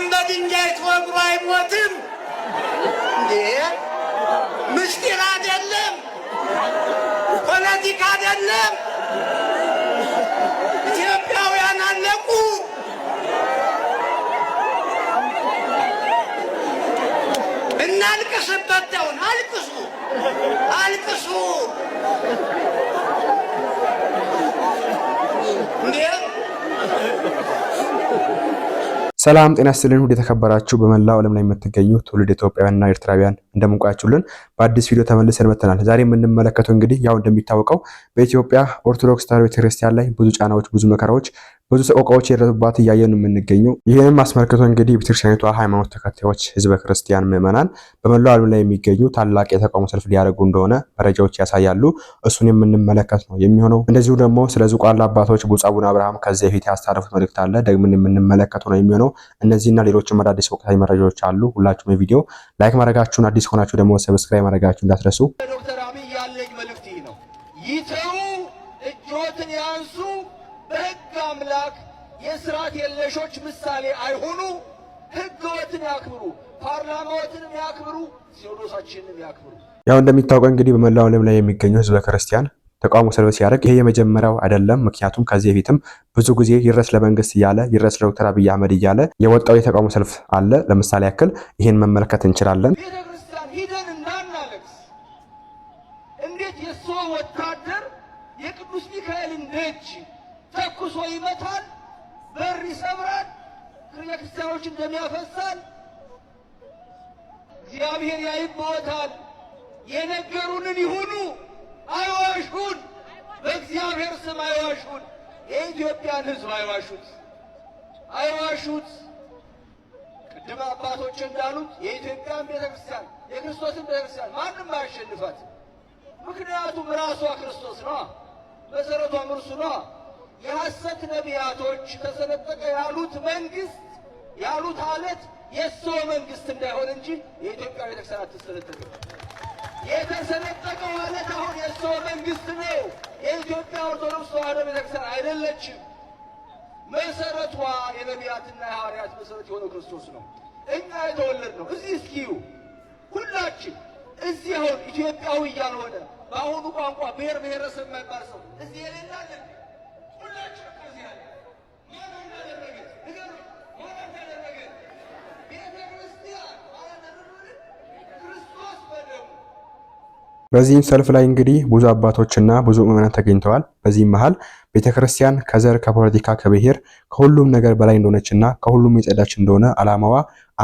ሰውም በድንጋይ ተወግሮ አይሞትም እንዴ? ምስጢር አይደለም፣ ፖለቲካ አይደለም። ኢትዮጵያውያን አለቁ። እናልቅስበት ተውን፣ አልቅሱ፣ አልቅሱ እንዴ ሰላም ጤና ይስጥልን። ውድ የተከበራችሁ በመላው ዓለም ላይ የምትገኙ ትውልድ ኢትዮጵያውያንና ኤርትራውያን እንደምንቆያችሁልን በአዲስ ቪዲዮ ተመልሰን መጥተናል። ዛሬ የምንመለከተው እንግዲህ ያው እንደሚታወቀው በኢትዮጵያ ኦርቶዶክስ ተዋሕዶ ቤተክርስቲያን ላይ ብዙ ጫናዎች፣ ብዙ መከራዎች፣ ብዙ ሰቆቃዎች የደረሱባት እያየን የምንገኘው። ይህንም አስመልክቶ እንግዲህ የቤተክርስቲያኒቷ ሃይማኖት ተከታዮች ህዝበ ክርስቲያን ምዕመናን በመላው ዓለም ላይ የሚገኙ ታላቅ የተቃውሞ ሰልፍ ሊያደርጉ እንደሆነ መረጃዎች ያሳያሉ። እሱን የምንመለከት ነው የሚሆነው። እንደዚሁ ደግሞ ስለ ዝቋላ አባቶች ብፁዕ አቡነ አብርሃም ከዚህ በፊት ያስተላለፉት መልእክት አለ ደግሞም የምንመለከት ነው የሚሆነው። እነዚህና ሌሎችም አዳዲስ ወቅታዊ መረጃዎች አሉ። ሁላችሁም የቪዲዮ ላይክ ማድረጋችሁን አዲስ ከሆናችሁ ደግሞ ሰብስክራይብ ማድረጋችሁ እንዳትረሱ። ዶክተር የለሾች ምሳሌ አይሆኑ። ህገወትን ያክብሩ፣ ፓርላማዎትንም ያክብሩ፣ ሲኖዶሳችንንም ያክብሩ። ያው እንደሚታወቀው እንግዲህ በመላው ዓለም ላይ የሚገኙ ህዝበ ክርስቲያን ተቃውሞ ሰልፍ ሲያደርግ ይሄ የመጀመሪያው አይደለም። ምክንያቱም ከዚህ በፊትም ብዙ ጊዜ ይረስ ለመንግስት እያለ ይረስ ለዶክተር አብይ አህመድ እያለ የወጣው የተቃውሞ ሰልፍ አለ። ለምሳሌ ያክል ይህን መመልከት እንችላለን። ቤተክርስቲያን ሂደን እንዳናለቅስ እንዴት የእሱ ወታደር የቅዱስ ሚካኤልን ደጅ ተኩሶ ይመታል። በር ይሰብራል፣ ቅርቤ ክርስቲያኖች እንደሚያፈሳል እግዚአብሔር ያይባዎታል። የነገሩንን ይሁኑ አይዋሹን፣ በእግዚአብሔር ስም አይዋሹን። የኢትዮጵያን ሕዝብ አይዋሹት፣ አይዋሹት። ቅድም አባቶች እንዳሉት የኢትዮጵያን ቤተ ክርስቲያን የክርስቶስን ቤተ ክርስቲያን ማንም አያሸንፋት። ምክንያቱም ራሷ ክርስቶስ ነዋ፣ መሰረቷም እርሱ ነዋ። የሐሰት ነቢያቶች ተሰነጠቀ ያሉት መንግስት ያሉት አለት የእሱ መንግስት እንዳይሆን እንጂ የኢትዮጵያ ቤተክርስቲያን አትሰነጠቅም። የተሰነጠቀው አለት አሁን የእሱ መንግስት ነው። የኢትዮጵያ ኦርቶዶክስ ተዋህዶ ቤተክርስቲያን አይደለችም። መሰረቷ የነቢያትና የሐዋርያት መሰረት የሆነው ክርስቶስ ነው። እኛ የተወለድ ነው እዚህ እስኪዩ ሁላችን እዚህ አሁን ኢትዮጵያዊ እያልሆነ በአሁኑ ቋንቋ ብሔር ብሔረሰብ የማይባል ሰው እዚህ የሌላለን በዚህም ሰልፍ ላይ እንግዲህ ብዙ አባቶችና ብዙ ምዕመናን ተገኝተዋል። በዚህም መሃል ቤተክርስቲያን ከዘር ከፖለቲካ ከብሔር ከሁሉም ነገር በላይ እንደሆነችና ከሁሉም የጸዳች እንደሆነ ዓላማዋ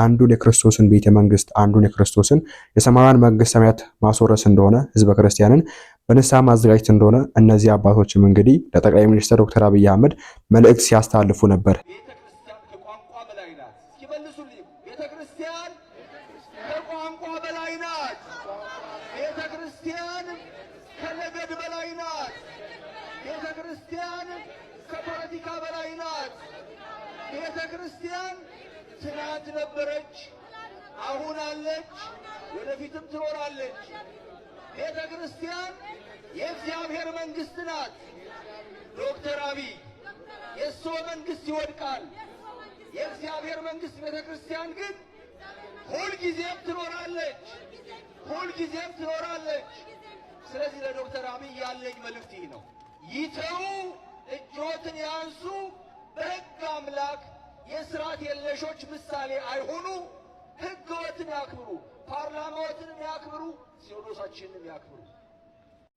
አንዱን የክርስቶስን ቤተ መንግስት አንዱን የክርስቶስን የሰማያዊን መንግስት ሰማያት ማስወረስ እንደሆነ ህዝበ ክርስቲያንን በንስሐ ማዘጋጀት እንደሆነ እነዚህ አባቶችም እንግዲህ ለጠቅላይ ሚኒስትር ዶክተር አብይ አህመድ መልእክት ሲያስተላልፉ ነበር። ከፖለቲካ በላይ ናት። ቤተ ክርስቲያን ትናንት ነበረች፣ አሁን አለች፣ ወደፊትም ትኖራለች። ቤተ ክርስቲያን የእግዚአብሔር መንግሥት ናት። ዶክተር አብይ የእሶ መንግሥት ይወድቃል። የእግዚአብሔር መንግሥት ቤተ ክርስቲያን ግን ሁልጊዜም ትኖራለች፣ ሁልጊዜም ትኖራለች። ስለዚህ ለዶክተር አብይ ያለኝ መልእክት ይህ ነው፣ ይተው እጅዎትን ያንሱ። በሕግ አምላክ የስርዓት የለሾች ምሳሌ አይሆኑ። ሕግዎትን ያክብሩ፣ ፓርላማዎትንም ያክብሩ፣ ሲኖዶሳችንንም ያክብሩ።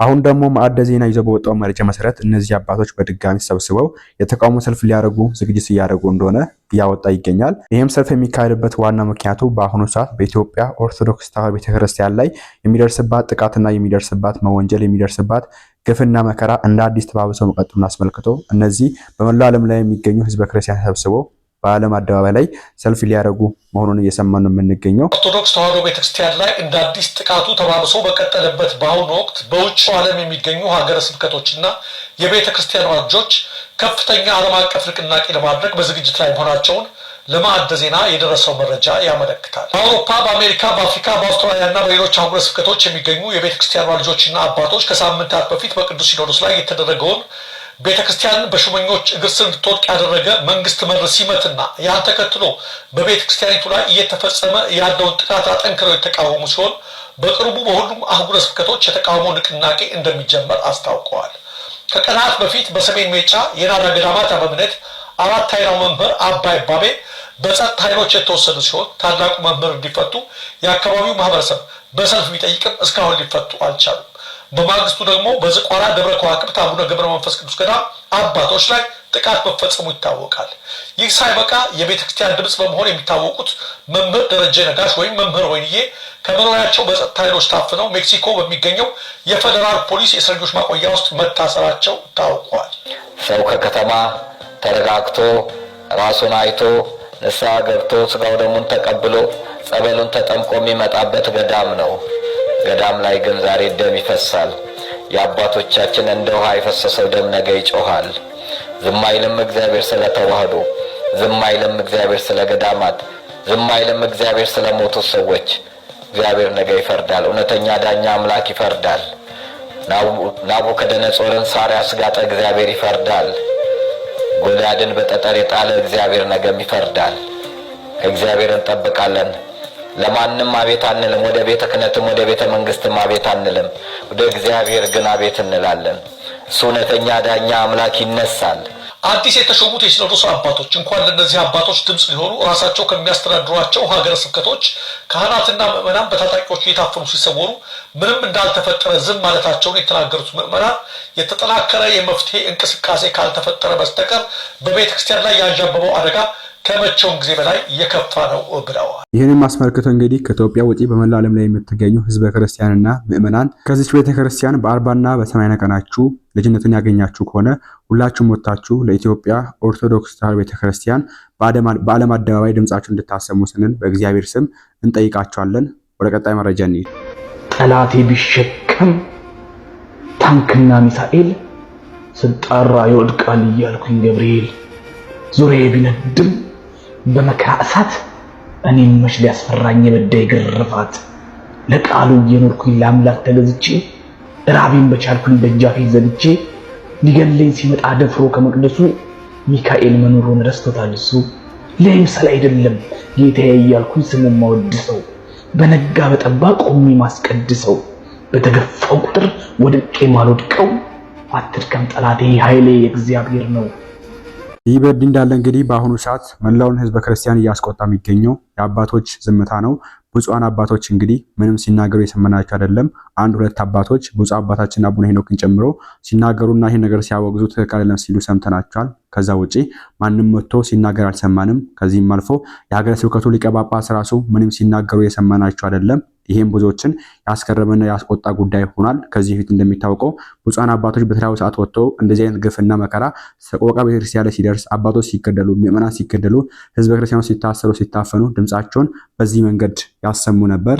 አሁን ደግሞ ማዕደ ዜና ይዞ በወጣው መረጃ መሰረት እነዚህ አባቶች በድጋሚ ተሰብስበው የተቃውሞ ሰልፍ ሊያደርጉ ዝግጅት እያደረጉ እንደሆነ እያወጣ ይገኛል። ይህም ሰልፍ የሚካሄድበት ዋና ምክንያቱ በአሁኑ ሰዓት በኢትዮጵያ ኦርቶዶክስ ተዋሕዶ ቤተክርስቲያን ላይ የሚደርስባት ጥቃትና የሚደርስባት መወንጀል የሚደርስባት ግፍና መከራ እንደ አዲስ ተባብሰው መቀጠሉን አስመልክቶ እነዚህ በመላው ዓለም ላይ የሚገኙ ህዝበ ክርስቲያን ተሰብስበው በዓለም አደባባይ ላይ ሰልፍ ሊያደርጉ መሆኑን እየሰማ ነው የምንገኘው። ኦርቶዶክስ ተዋሕዶ ቤተክርስቲያን ላይ እንደ አዲስ ጥቃቱ ተባብሶ በቀጠለበት በአሁኑ ወቅት በውጭ ዓለም የሚገኙ ሀገረ ስብከቶችና የቤተ ክርስቲያን ዋጆች ከፍተኛ ዓለም አቀፍ ንቅናቄ ለማድረግ በዝግጅት ላይ መሆናቸውን ለማዕደ ዜና የደረሰው መረጃ ያመለክታል። በአውሮፓ፣ በአሜሪካ፣ በአፍሪካ፣ በአውስትራሊያ እና በሌሎች አህጉረ ስብከቶች የሚገኙ የቤተክርስቲያን ልጆችና አባቶች ከሳምንታት በፊት በቅዱስ ሲኖዶስ ላይ የተደረገውን ቤተ ክርስቲያን በሽመኞች እግር ስር እንድትወድቅ ያደረገ መንግስት መር ሲመትና ያን ተከትሎ በቤተ ክርስቲያኒቱ ላይ እየተፈጸመ ያለውን ጥቃት አጠንክረው የተቃወሙ ሲሆን በቅርቡ በሁሉም አህጉረ ስብከቶች የተቃውሞ ንቅናቄ እንደሚጀመር አስታውቀዋል። ከቀናት በፊት በሰሜን ሜጫ የናዳ ገዳማት አበምኔት አራት ኃይላው መምህር አባይ ባቤ በጸጥታ ኃይሎች የተወሰዱ ሲሆን ታላቁ መምህር እንዲፈቱ የአካባቢው ማህበረሰብ በሰልፍ ቢጠይቅም እስካሁን ሊፈቱ አልቻሉም። በማግስቱ ደግሞ በዝቋላ ደብረ ከዋክብት አቡነ ገብረ መንፈስ ቅዱስ ገዳም አባቶች ላይ ጥቃት መፈጸሙ ይታወቃል። ይህ ሳይበቃ የቤተ ክርስቲያን ድምፅ በመሆን የሚታወቁት መምህር ደረጀ ነጋሽ ወይም መምህር ወይንዬ ከመኖሪያቸው በጸጥታ ኃይሎች ታፍነው ሜክሲኮ በሚገኘው የፌዴራል ፖሊስ የእስረኞች ማቆያ ውስጥ መታሰራቸው ታውቋል። ሰው ከከተማ ተረጋግቶ ራሱን አይቶ ንስሐ ገብቶ ስጋው ደሙን ተቀብሎ ጸበሉን ተጠምቆ የሚመጣበት ገዳም ነው። ገዳም ላይ ግን ዛሬ ደም ይፈሳል። የአባቶቻችን እንደ ውሃ የፈሰሰው ደም ነገ ይጮኋል ዝም አይልም እግዚአብሔር ስለ ተዋህዶ፣ ዝም አይልም እግዚአብሔር ስለ ገዳማት፣ ዝም አይልም እግዚአብሔር ስለ ሞቱ ሰዎች። እግዚአብሔር ነገ ይፈርዳል። እውነተኛ ዳኛ አምላክ ይፈርዳል። ናቡከደነጾርን ሳሪያ ስጋጠ እግዚአብሔር ይፈርዳል። ጎልያድን በጠጠር የጣለ እግዚአብሔር ነገም ይፈርዳል። እግዚአብሔር እንጠብቃለን። ለማንም አቤት አንልም። ወደ ቤተ ክህነትም ወደ ቤተ መንግስትም አቤት አንልም። ወደ እግዚአብሔር ግን አቤት እንላለን። እሱ እውነተኛ ዳኛ አምላክ ይነሳል። አዲስ የተሾሙት የሲኖዶስ አባቶች እንኳን ለእነዚህ አባቶች ድምፅ ሊሆኑ ራሳቸው ከሚያስተዳድሯቸው ሀገረ ስብከቶች ካህናትና ምዕመናን በታጣቂዎቹ እየታፈኑ ሲሰወሩ ምንም እንዳልተፈጠረ ዝም ማለታቸውን የተናገሩት ምዕመናን የተጠናከረ የመፍትሄ እንቅስቃሴ ካልተፈጠረ በስተቀር በቤተ ክርስቲያን ላይ ያንዣበበው አደጋ ከመቼውም ጊዜ በላይ የከፋ ነው ብለዋል። ይህንም አስመልክቶ እንግዲህ ከኢትዮጵያ ውጪ በመላ ዓለም ላይ የምትገኙ ህዝበ ክርስቲያንና ምዕመናን ከዚች ቤተ ክርስቲያን በአርባና በሰማይ ነቀናችሁ ልጅነትን ያገኛችሁ ከሆነ ሁላችሁም ወጥታችሁ ለኢትዮጵያ ኦርቶዶክስ ተዋሕዶ ቤተ ክርስቲያን በዓለም አደባባይ ድምጻችሁ እንድታሰሙ ስንል በእግዚአብሔር ስም እንጠይቃችኋለን። ወደ ቀጣይ መረጃ እንሂድ። ጠላቴ ቢሸከም ታንክና ሚሳኤል ስጠራ ይወድቃል እያልኩኝ ገብርኤል ዙሪያ ቢነድም በመከራ እሳት እኔ መች ሊያስፈራኝ የበዳይ ግርፋት ለቃሉ እየኖርኩኝ ለአምላክ ተገዝቼ ራቤን በቻልኩኝ ደጃፌ ዘግቼ ሊገለኝ ሲመጣ ደፍሮ ከመቅደሱ ሚካኤል መኖሩን ረስቶታል እሱ። ለይምሰል አይደለም ጌታዬ እያልኩኝ ስሙን ማወድሰው በነጋ በጠባ ቆሜ ማስቀድሰው በተገፋው ቁጥር ወድቄ ማልወድቀው አትድከም ጠላቴ ኃይሌ የእግዚአብሔር ነው። ይህ በእንዲህ እንዳለ እንግዲህ በአሁኑ ሰዓት መላውን ህዝበ ክርስቲያን እያስቆጣ የሚገኘው የአባቶች ዝምታ ነው። ብፁዓን አባቶች እንግዲህ ምንም ሲናገሩ የሰመናቸው አይደለም። አንድ ሁለት አባቶች ብፁዕ አባታችን አቡነ ሄኖክን ጨምሮ ሲናገሩና ይህን ነገር ሲያወግዙ ትክክል አይደለም ሲሉ ሰምተናቸዋል። ከዛ ውጪ ማንም መጥቶ ሲናገር አልሰማንም። ከዚህም አልፎ የሀገረ ስብከቱ ሊቀ ጳጳስ ራሱ ምንም ሲናገሩ የሰማናቸው አይደለም። ይህም ብዙዎችን ያስገረመና ያስቆጣ ጉዳይ ሆኗል። ከዚህ በፊት እንደሚታወቀው ብፁዓን አባቶች በተለያዩ ሰዓት ወጥተው እንደዚህ አይነት ግፍና መከራ ሰቆቃ ቤተክርስቲያን ላይ ሲደርስ፣ አባቶች ሲገደሉ፣ ምዕመናን ሲገደሉ፣ ህዝበ ክርስቲያኑ ሲታሰሩ፣ ሲታፈኑ ድምፃቸውን በዚህ መንገድ ያሰሙ ነበር።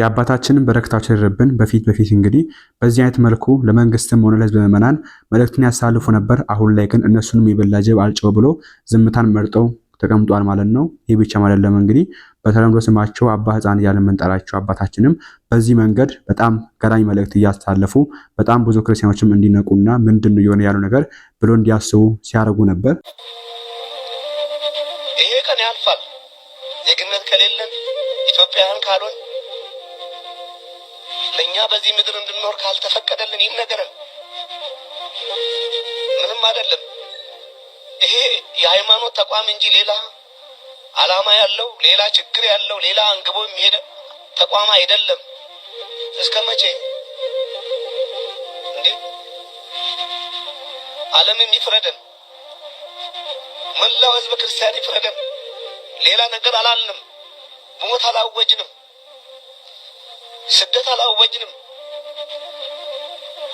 የአባታችንን በረከታቸው ይደርብን። በፊት በፊት እንግዲህ በዚህ አይነት መልኩ ለመንግስትም ሆነ ለህዝብ ምዕመናን መልእክትን ያሳልፉ ነበር። አሁን ላይ ግን እነሱንም የበላ ጅብ አልጨው ብሎ ዝምታን መርጠው ተቀምጧል ማለት ነው። ይህ ብቻም አይደለም እንግዲህ በተለምዶ ስማቸው አባ ህፃን እያለ የምንጠራቸው አባታችንም በዚህ መንገድ በጣም ገራኝ መልእክት እያስተላለፉ በጣም ብዙ ክርስቲያኖችም እንዲነቁና ምንድን ነው የሆነ ያሉ ነገር ብሎ እንዲያስቡ ሲያደርጉ ነበር። ይሄ ቀን ያልፋል። ዜግነት ከሌለን ኢትዮጵያውያን ካልሆን ለእኛ በዚህ ምድር እንድንኖር ካልተፈቀደልን ይነገረን። ምንም አይደለም። ይሄ የሃይማኖት ተቋም እንጂ ሌላ አላማ ያለው ሌላ ችግር ያለው ሌላ አንግቦ የሚሄደ ተቋም አይደለም። እስከ መቼ እንዴ? ዓለምም ይፍረደን፣ መላው ህዝበ ክርስቲያን ይፍረደን። ሌላ ነገር አላልንም፣ ሞት አላወጅንም። ስደት አላወጅንም።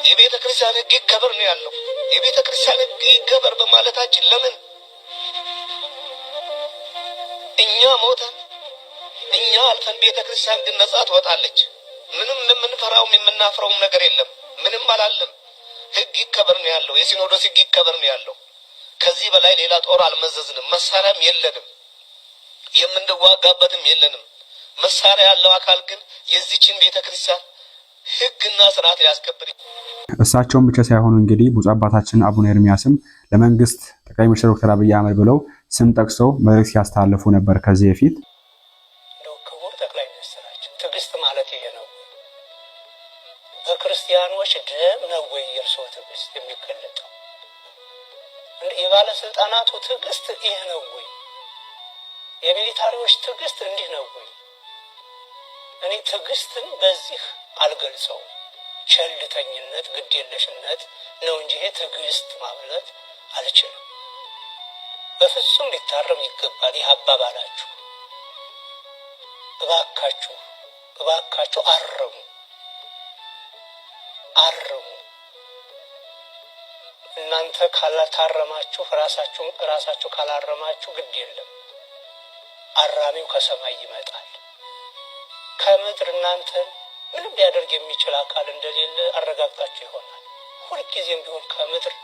የቤተ ክርስቲያን ሕግ ይከበር ነው ያለው። የቤተ ክርስቲያን ሕግ ይከበር በማለታችን ለምን እኛ ሞተን እኛ አልፈን ቤተ ክርስቲያን ግን ነጻ ትወጣለች። ምንም የምንፈራውም የምናፍረውም ነገር የለም። ምንም አላለም። ሕግ ይከበር ነው ያለው። የሲኖዶስ ሕግ ይከበር ነው ያለው። ከዚህ በላይ ሌላ ጦር አልመዘዝንም። መሳሪያም የለንም። የምንዋጋበትም የለንም። መሳሪያ ያለው አካል ግን የዚችን ቤተ ክርስቲያን ስርዓት ሊያስከብር እሳቸውን ብቻ ሳይሆኑ እንግዲህ ብፁዕ አባታችን አቡነ ኤርሚያስም ለመንግስት ጠቅላይ ሚኒስትር ዶክተር አብይ አህመድ ብለው ስም ጠቅሰው መልእክት ሲያስተላልፉ ነበር። ከዚህ በፊት ክቡር ጠቅላይ ሚኒስትራችን ትዕግስት ማለት ይሄ ነው። በክርስቲያኖች ደም ነው ወይ የእርስዎ ትዕግስት የሚገለጠው? የባለስልጣናቱ ትዕግስት ይህ ነው ወይ? የሚሊታሪዎች ትዕግስት እንዲህ ነው ወይ? እኔ ትዕግስትን በዚህ አልገልጸው ቸልተኝነት፣ ግዴለሽነት ነው እንጂ ይሄ ትዕግስት ማለት አልችልም። በፍጹም ሊታረም ይገባል። ይህ አባባላችሁ እባካችሁ እባካችሁ አርሙ አርሙ። እናንተ ካላታረማችሁ ራሳችሁ ራሳችሁ ካላረማችሁ ግድ የለም አራሚው ከሰማይ ይመጣል። ከምድር እናንተን ምንም ሊያደርግ የሚችል አካል እንደሌለ አረጋግጣችሁ ይሆናል። ሁልጊዜም ቢሆን ከምድር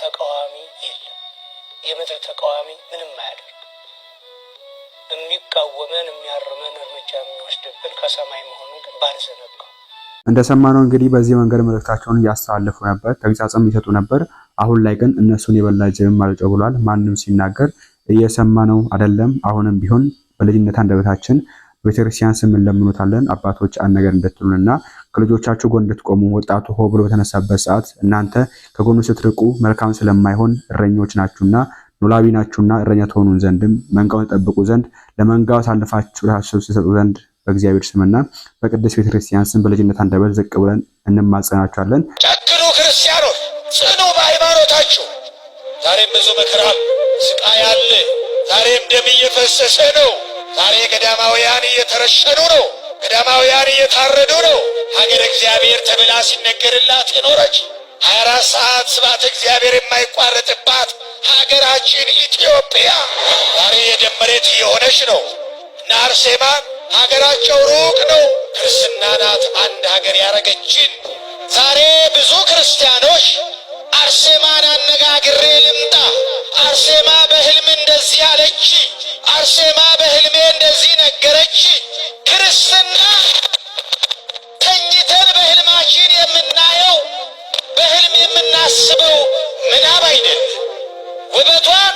ተቃዋሚ የለም። የምድር ተቃዋሚ ምንም አያደርግ። የሚቃወመን የሚያርመን እርምጃ የሚወስድብን ከሰማይ መሆኑን ግን ባልዘነጋው። እንደሰማነው እንግዲህ በዚህ መንገድ መልእክታቸውን እያስተላለፉ ነበር፣ ተግሳጽም ይሰጡ ነበር። አሁን ላይ ግን እነሱን የበላ ጅብም አልጮህ ብሏል። ማንም ሲናገር እየሰማነው አይደለም። አሁንም ቢሆን በልጅነት አንደበታችን ቤተክርስቲያን ስም እንለምኖታለን። አባቶች አንድ ነገር እንድትሉንና ከልጆቻችሁ ጎን እንድትቆሙ ወጣቱ ሆ ብሎ በተነሳበት ሰዓት እናንተ ከጎኑ ስትርቁ መልካም ስለማይሆን እረኞች ናችሁና ኖላዊ ናችሁና እረኛ ትሆኑን ዘንድም መንጋውን ተጠብቁ ዘንድ ለመንጋው አሳልፋችሁ ራሳችሁ ትሰጡ ዘንድ በእግዚአብሔር ስምና በቅድስት ቤተክርስቲያን ስም በልጅነት አንደበት ዝቅ ብለን እንማጸናችኋለን። ጨክኑ ክርስቲያኖች፣ ጽኑ በሃይማኖታችሁ። ዛሬም ብዙ መከራ ስቃይ አለ። ዛሬም ደም እየፈሰሰ ነው። ዛሬ ገዳማውያን እየተረሸኑ ነው። ገዳማውያን እየታረዱ ነው። ሀገር እግዚአብሔር ተብላ ሲነገርላት የኖረች ሀያ አራት ሰዓት ስብሐተ እግዚአብሔር የማይቋረጥባት ሀገራችን ኢትዮጵያ ዛሬ የደመሬት እየሆነች ነው እና አርሴማ ሀገራቸው ሩቅ ነው። ክርስትና ናት አንድ ሀገር ያረገችን። ዛሬ ብዙ ክርስቲያኖች አርሴማን አነጋግሬ ልምጣ፣ አርሴማ በህልም እንደዚህ አለች አርሴማ በህልሜ እንደዚህ ነገረች። ክርስትና ተኝተን በህልማችን የምናየው በህልም የምናስበው ምናብ አይደለም። ውበቷን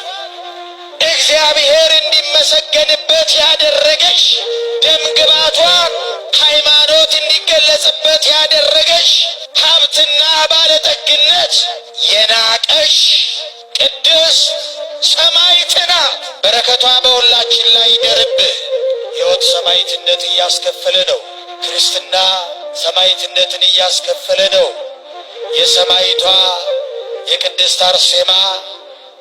እግዚአብሔር እንዲመሰገንበት ያደረገች ደምግባቷን ሃይማኖት እንዲገለጽበት ያደረገች ሀብትና ባለጠግነት የናቀሽ ቅድስት ሰማዕትና በረከቷ በሁላችን ላይ ደርብ ሕይወት ሰማይትነት እያስከፈለ ነው። ክርስትና ሰማይትነትን እያስከፈለ ነው። የሰማይቷ የቅድስት አርሴማ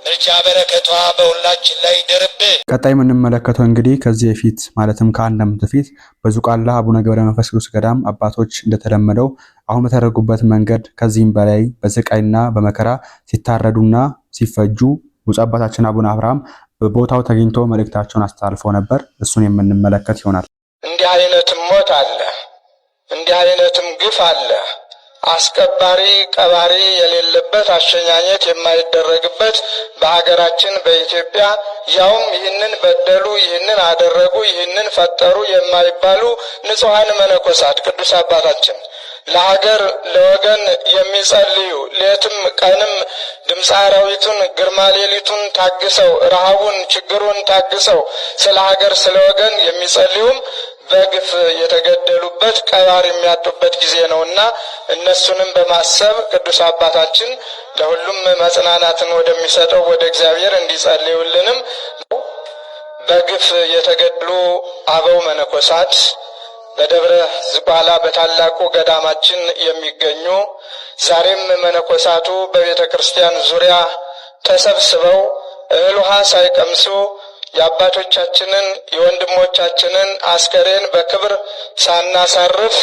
ምርጫ በረከቷ በሁላችን ላይ ደርብ። ቀጣይ የምንመለከተው እንግዲህ ከዚህ በፊት ማለትም ከአንድ ዓመት በፊት በዙቃላ አቡነ ገብረ መንፈስ ቅዱስ ገዳም አባቶች እንደተለመደው አሁን በተደረጉበት መንገድ ከዚህም በላይ በስቃይና በመከራ ሲታረዱና ሲፈጁ ብፁዕ አባታችን አቡነ አብርሃም በቦታው ተገኝቶ መልእክታቸውን አስተላልፈው ነበር። እሱን የምንመለከት ይሆናል። እንዲህ አይነትም ሞት አለ፣ እንዲህ አይነትም ግፍ አለ። አስከባሪ ቀባሪ የሌለበት አሸኛኘት የማይደረግበት በሀገራችን በኢትዮጵያ ያውም ይህንን በደሉ፣ ይህንን አደረጉ፣ ይህንን ፈጠሩ የማይባሉ ንጹሐን መነኮሳት ቅዱስ አባታችን ለሀገር ለወገን የሚጸልዩ ሌትም ቀንም ድምፃራዊቱን አራዊቱን ግርማ ሌሊቱን ታግሰው ረሃቡን ችግሩን ታግሰው ስለ ሀገር ስለ ወገን የሚጸልዩም በግፍ የተገደሉበት ቀባር የሚያጡበት ጊዜ እና እነሱንም በማሰብ ቅዱስ አባታችን ለሁሉም መጽናናትን ወደሚሰጠው ወደ እግዚአብሔር እንዲጸልዩልንም በግፍ የተገደሉ አበው መነኮሳት በደብረ ዝባላ በታላቁ ገዳማችን የሚገኙ ዛሬም መነኮሳቱ በቤተ ክርስቲያን ዙሪያ ተሰብስበው እህል ውሃ ሳይቀምሱ የአባቶቻችንን የወንድሞቻችንን አስከሬን በክብር ሳናሳርፍ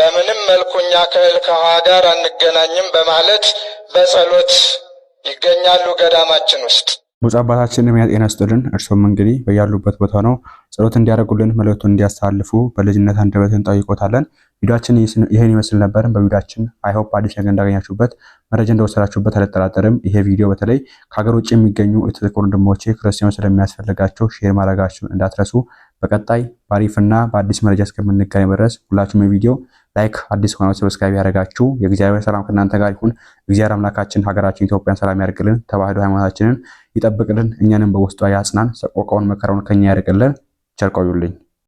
በምንም መልኩ እኛ ከእህል ከውሃ ጋር አንገናኝም በማለት በጸሎት ይገኛሉ ገዳማችን ውስጥ። ብፁዕ አባታችን የጤና ስጥልን። እርስዎም እንግዲህ በያሉበት ቦታ ነው ጸሎት እንዲያደርጉልን መልእክቱን እንዲያስተላልፉ በልጅነት አንደበትን ጠይቆታለን። ቪዲዮችን ይህን ይመስል ነበር። በቪዲዮችን አይሆፕ አዲስ ነገር እንዳገኛችሁበት መረጃ እንደወሰዳችሁበት አልጠራጠርም። ይሄ ቪዲዮ በተለይ ከሀገር ውጭ የሚገኙ የተዘቆሩ ወንድሞቼ ክርስቲያኖች ስለሚያስፈልጋቸው ሼር ማድረጋችሁን እንዳትረሱ። በቀጣይ በአሪፍና በአዲስ መረጃ እስከምንገናኝ ድረስ ሁላችሁም የቪዲዮ ላይክ፣ አዲስ ሆነ ሰብስክራይብ ያደረጋችሁ የእግዚአብሔር ሰላም ከእናንተ ጋር ይሁን። እግዚአብሔር አምላካችን ሀገራችን ኢትዮጵያን ሰላም ያደርግልን፣ ተዋህዶ ሃይማኖታችንን ይጠብቅልን፣ እኛንም በውስጧ ያጽናን፣ ሰቆቃውን መከራውን ከኛ ያርቅልን። ቸር ቆዩልኝ።